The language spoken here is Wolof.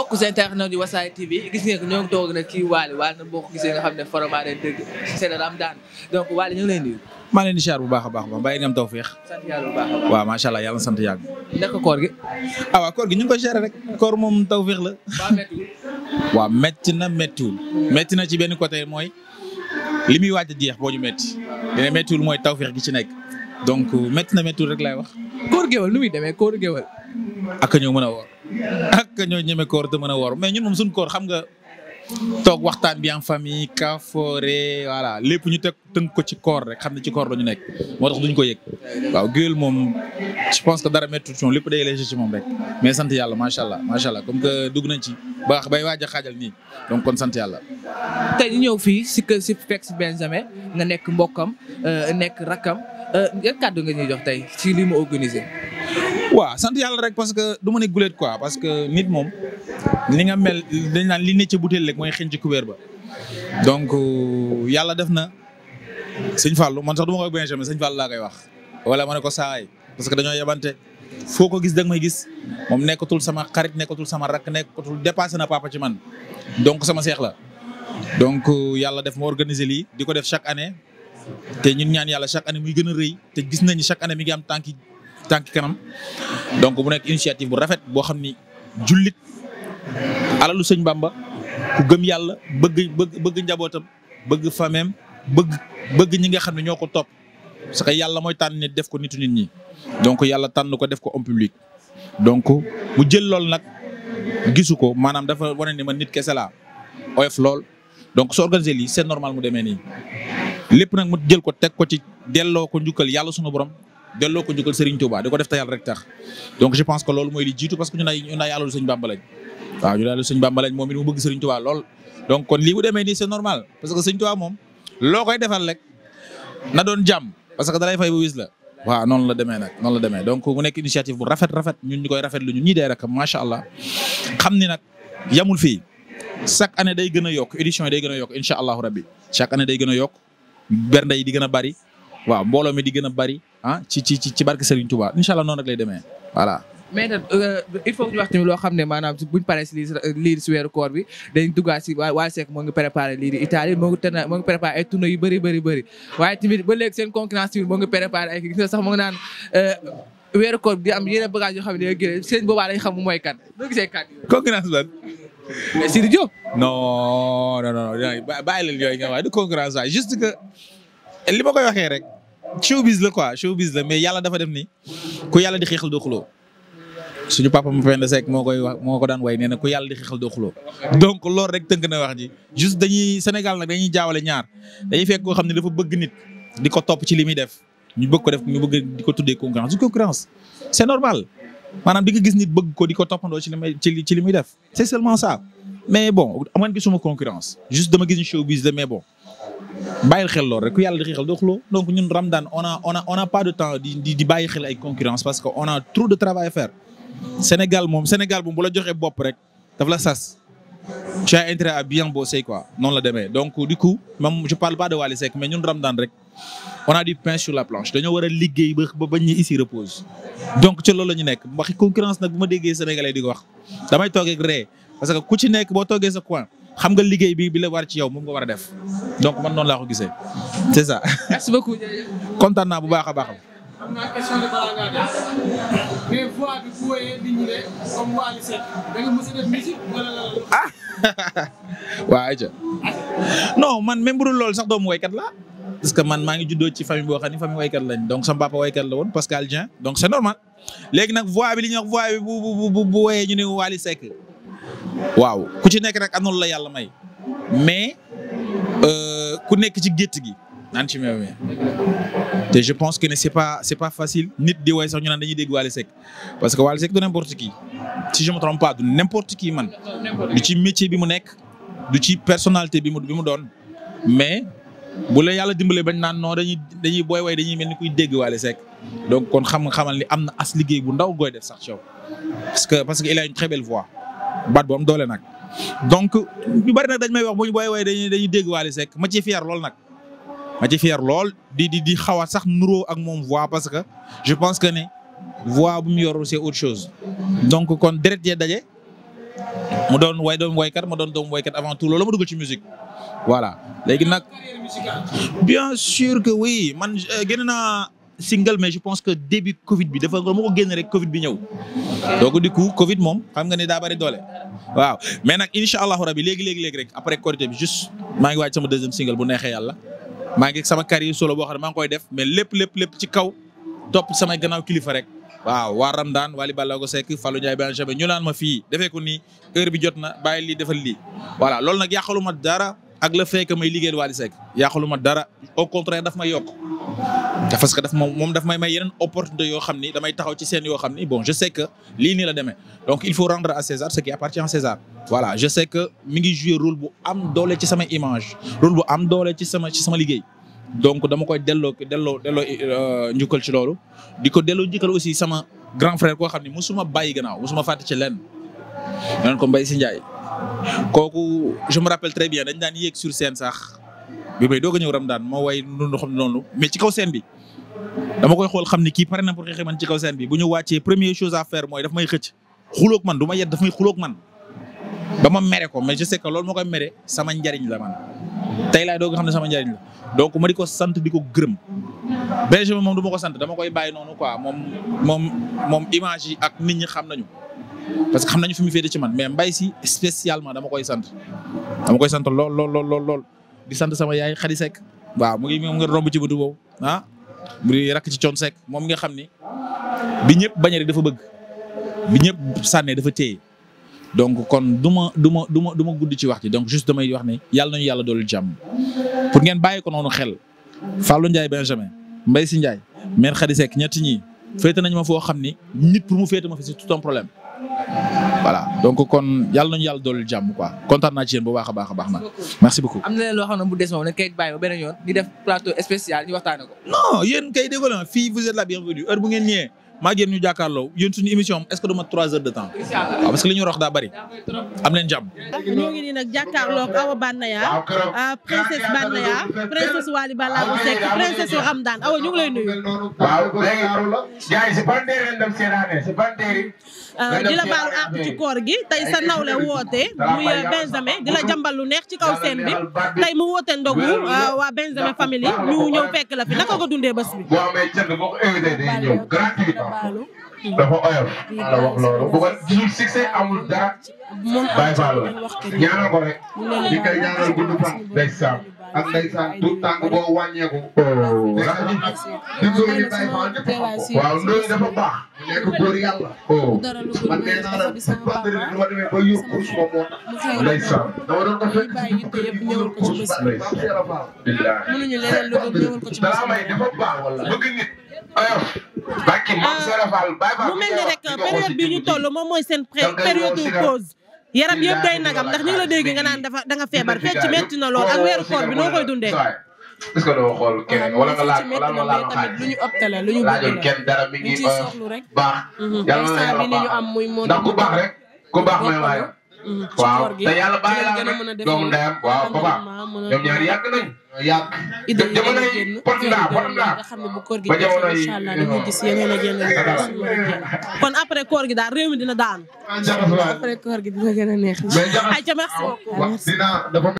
mbokk internet yi Wassare TV gis ngeen ko ñoo ngi toog nag kii na boo ko gisee nga xam ne foromaa leen dëgg seen ram daan donc Waly maa leen di bu baax baax ba bàyyi ngam tawfeex. sant yàlla bu baax a baax waaw sant yàgg. naka koor gi. ah waaw koor gi ñu ko gérer rek. koor moom tawfeex la. waa méttiwul. waaw métti na méttiwul. na ci benn côté mooy li muy waaj a jeex boo ñu métti. dina méttiwul mooy tawfeex gi ci nekk. donc métti na méttiwul rek lay wax. koor géwal nu muy demee koor géwal. ak ñëw mën a woor ak ñoo ñeme koor te mën a woor mais ñun moom suñu koor xam nga toog waxtaan bi en famille kafoore voilà lépp ñu teg tënk ko ci koor rek xam ne ci koor la ñu nekk moo tax duñ ko yëg waaw Gueweul moom je pense que dara méttu lépp day moom rek mais sant yàlla macha allah macha allah comme que dugg nañ ci baax bay waaj xaajal nii donc kon sant yàlla. tey ñu ñëw fii si kër si fekk si nga nekk mbokkam euh, nekk rakkam euh, yan kàddu nga ñuy jox tey ci li mu organisé. waaw sant yàlla rek parce que du ma ne guleet quoi parce que nit moom li nga mel dañ naan li ne ci butéel rek mooy xëñ ci kubéer ba donc euh, yàlla def na sëñ Fallou man sax du ma koy Benjamin sëñ Fallou laa koy wax wala ma ne ko saay parce que dañoo yebante foo ko gis da may gis moom nekkatul sama xarit nekkatul sama rakk nekkatul dépassé na papa ci man donc sama seex la donc euh, yàlla def ma organiser lii di ko def chaque année te ñun ñaan yàlla chaque année muy gën a te gis nañu chaque année mi ngi am tànki tànk kanam donc bu nekk initiative bu rafet boo xam ni jullit alalu sëñ mbamba ku gëm yàlla bëgg bëgg bëgg njabootam bëgg fameem bëgg bëgg ñi nga xam ne ñoo ko top parce que yàlla mooy tànn ne def ko nitu nit ñi donc yàlla tànn ko def ko homme public. donc mu jël lool nag gisu ko maanaam dafa wane ni ma nit kese laa oyof lool donc soo organiser lii c'est normal mu demee nii lépp nag mu jël ko teg ko ci delloo ko njukkal yàlla sunu borom delloo ko njukkal Serigne Touba di ko def te yàlla rek tax donc je pense que loolu mooy li jiitu parce que ñu nay ñu nay alalu Serigne Bamba lañ waaw moom it mu bëgg Serigne Touba lool donc kon lii bu nii c'est normal parce que Serigne Touba moom loo koy defal rek na doon jàmm parce que dalay fay bu wis la waaw noonu la demee nag noonu la demee donc mu nekk initiative bu rafet rafet ñu koy rafet lu ñu ñii day rek macha allah xam ni nag yamul fii chaque année day gën a yokk édition yi day gën a yokk incha allahu rabbi chaque année day gën a yokk bernde yi di gën a bari waaw mbooloo mi di gën a bari ah, ci ci ci barke Serigne Touba incha allah noonu rek lay demee voilà. mais euh, il faut ñu wax loo xam ne maanaam buñ paree si lii si weeru koor bi dañ duggaat si Wally Seck moo ngi préparé lii di Italie moo ngi tënk moo ngi préparé ay tournées yu bëri bëri bëri waaye tamit ba léegi seen concurrence bi moo ngi préparé ay gis euh, xam seen boobaa dañ xam mooy kan noo gisee kan. concurrence lan. Sidi Diop. non yooyu nga wax du Eh, li ma koy waxee rek showbiz la quoi showbiz la mais yàlla dafa def ni ku yàlla di xeexal doo xuloo suñu papa ma Penda seek moo koy wax moo ko daan way nee na ku yàlla di xeexal doo xuloo donc loolu rek tënk na wax ji juste dañuy Sénégal nag dañuy jaawale ñaar dañuy fekk koo xam ne dafa bëgg nit di ko top ci li muy def ñu bëgg ko def ñu bëgg di ko tuddee concurrence du concurrence c'est normal maanaam di nga gis nit bëgg ko di ko toppandoo ci li may ci li muy def c'est seulement ça mais bon amoon gisuma concurrence juste dama gis ni showbiz la mais bon bàyyil xel rek ku yàlla di xel doo xuloo donc ñun Ramadan on a on a on a pas de temps di di bàyyi xel ay concurrence parce que on a trop de travail à faire Sénégal moom Sénégal bu mu la joxee bopp rek daf la sas. tu as intérêt à bien bosser quoi noonu la demee donc du coup ma je parle pas de Wally Seck mais ñun Ramadan rek on a du pain sur la planche dañoo war a liggéey ba ba bañ ici repose donc ci loolu la ñu nekk waxi concurrence nag bu ma déggee sénégalais di ko wax damay toog ak ree parce que ku ci nekk boo toogee sa coin xam nga liggéey bi bi la war ci yow moom nga war a def donc man noonu laa ko gisee c'est ça. merci beaucoup. kontaan naa bu baax a baax. am naa question de balaa ngaa def mais voix bi bu wéyee nit ñi de comme Wally Seck da nga mës a def musique wala la ah waaw ayca non man même bu dul loolu sax doomu waykat la parce que man maa ngi juddoo ci famille boo xam ne famille waykat lañ donc sama papa waykat la woon Pascal Dieng donc c'est normal léegi nag voix bi li ñuy wax voix bi bu bu bu bu wéyee ñu ne Wally Seck waaw ku ci nekk nag am na lu la yàlla may mais euh, ku nekk ci gétt gi. naan ci meew mi te je pense que ne c'est pas c'est pas facile nit di way sax ñu naan dañuy dégg Wally Seck parce que Wally Seck du n'importe qui si je me trompe pas du n'importe man du ci métier bi mu nekk du ci personnalité bi mu bi mu doon mais bu la yàlla dimbale bañ naan non dañuy dañuy booy way dañuy mel ni kuy dégg Wally Seck donc kon xam nga xamal ni am na as liggéey bu ndaw gooy sax ci yow parce que parce que il a une très belle voix baat bu am doole nag donc ñu bari nag dañ may wax bu ñu booy way dañuy dañuy dégg Wally Seck ma ci fier lool nag ma ci lool di di di xaw a sax nuroo ak moom voix parce que je pense que ne voix bu mu yor c'est autre chose donc kon deret yee daje mu doon way doom waykat ma doon doom waykat avant tout loolu ma dugg ci musique voilà léegi nag bien sûr que oui man euh, génn naa single mais je pense que début Covid bi dafa ma ko génn rek Covid bi ñëw. donc du Covid moom xam nga ne daa bari doole. waaw mais nag incha allahu rabi léegi léegi léegi rek après Korité bi juste ngi waaj sama deuxième single bu neexee yàlla. maa ngi sama carrière solo boo xam ne maa ngi koy def mais lépp lépp lépp ci kaw topp samay gannaaw kilifa rek. waaw waa Ramdaan Wally Ballago Seck Fallou Ndiaye Benjamin ñu naan ma fii defee ko nii jot na bàyyi lii defal lii voilà loolu nag yàqalu ma dara. ak le fait may liggéey Wally Seck yàqalu ma dara au contraire daf may yokk parce que daf ma moom daf may may yeneen opportunité yoo xam ni damay taxaw ci seen yoo xam ni bon je sais que lii nii la demee donc il faut rendre à César ce qui appartient à César. voilà je sais que mi ngi joué rôle bu am doole ci sama image rôle bu am doole ci sama ci sama liggéey donc dama koy delloo delloo delloo euh, njukkal ci loolu di ko delloo njukkal aussi sama grand frère koo xam ni musuma bàyyi gannaaw musuma fàtte ci lenn. ñu ko Mbaye si Ndiaye kooku je me rappelle très bien dañ daan yéeg sur seen sax bi may doog a ñëw daan moo way noonu xam noonu mais ci kaw scène bi dama koy xool xam ne kii pare na pour xeex man ci kaw scène bi bu ñu wàccee première chose à faire mooy daf may xëcc xuloog man du ma yedd daf may xuloog man ba ma mere ko mais je sais que loolu moo koy mere sama njariñ la man tey laay doog a xam ne sama njariñ la donc ma di ko sant di ko gërëm Benjamin moom du ma ko sant dama koy bàyyi noonu quoi moom moom moom image yi ak nit ñi xam nañu. parce que xam nañu fi mu féete ci man mais mbay si spécialement dama koy sant dama koy sant lool lool lool lool di sant sama yaay Xadi Seck waaw mu ngi moom ngee romb ci bëtu boobu ah mu ngi rakk ci coon Seck moom nga xam ni bi ñëpp bañ rek dafa bëgg bi ñëpp sànnee dafa téye donc kon du ma du ma du ma du ma gudd ci wax ci donc juste damay wax ne yàlla nañu yàlla doolu jàmm pour ngeen bàyyi ko noonu xel Fallou njaay Benjamin mbay si Ndiaye maire Khady Seck ñett ñii féete nañ ma foo xam ni nit pour mu féete ma fi c'est tout voilà donc kon yàlla nañu yàlla dooleel jàmm quoi kontaan naa ci yéen bu baax a baax baax na merci beaucoup. am na leen loo xam ne bu des moom dañ koy bàyyi ba beneen yoon di def plateau spécial ñu waxtaanee ko. non yéen kay la fii vous êtes la bienvenue heure bu ngeen ñëwee maa ngi ñu jàkkaarloo yéen suñu émission est-ce que dama trois heures de temps. parce que li ñu daa bari. am leen jàmm. ñoo ngi nii nag jàkkaarloo ak Awa Banaya ah, princesse Banaya princesse Wally Ballago Seck princesse Ramdan Awa ñu ngi lay nuyu. Ah, di la baal àq ci koor gi tey sa nawle woote muy euh, Benjamin di la jàmbal lu neex ci kaw seen bi tey mu woote ndogu ah, waa Benjamin famille ñu ñëw fekk la fi naka ko dundee bés bi. dafa oyof la wax loolu bu ko gisul succès amul dara bàyyi faalu a ko a ñu koy ñaanal gudd fan ndeysaan ak ndeysaan tout tànk boo wàññeeku. ndeysaan di bàyyi faal ñëpp xam ko waaw loolu dafa baax nekk góor yàlla. Oh, man nee naa la a bi ma demee ba yor course ba moo tax ndeysaan dama doon ko fekk si batterie bi yor course may dafa baax Ah, mu mel ni rek période bi ñu toll moom mooy seen période pause yaram yëpp day nagam ndax ñu ngi la dégg nga naan dafa da nga feebar fecc metti na lool ak weeru koor bi noo koy dundee. est xool keneen wala nga laaj wala nga laaj lu ñu opté la lu ñu bëgg la kenn dara mi ngi euh, baax. Mhm. yàlla na la yàlla baax ndax ku baax rek ku baax may waaye. Mm-hmm. waaw te yàlla bàyyi laa nag doomu ndeyam waaw papa ñoom ñaar yàgg nañ yàgg jamono yi pot après koor gi daal réew mi dina daan après koor gi dina gën a neex ay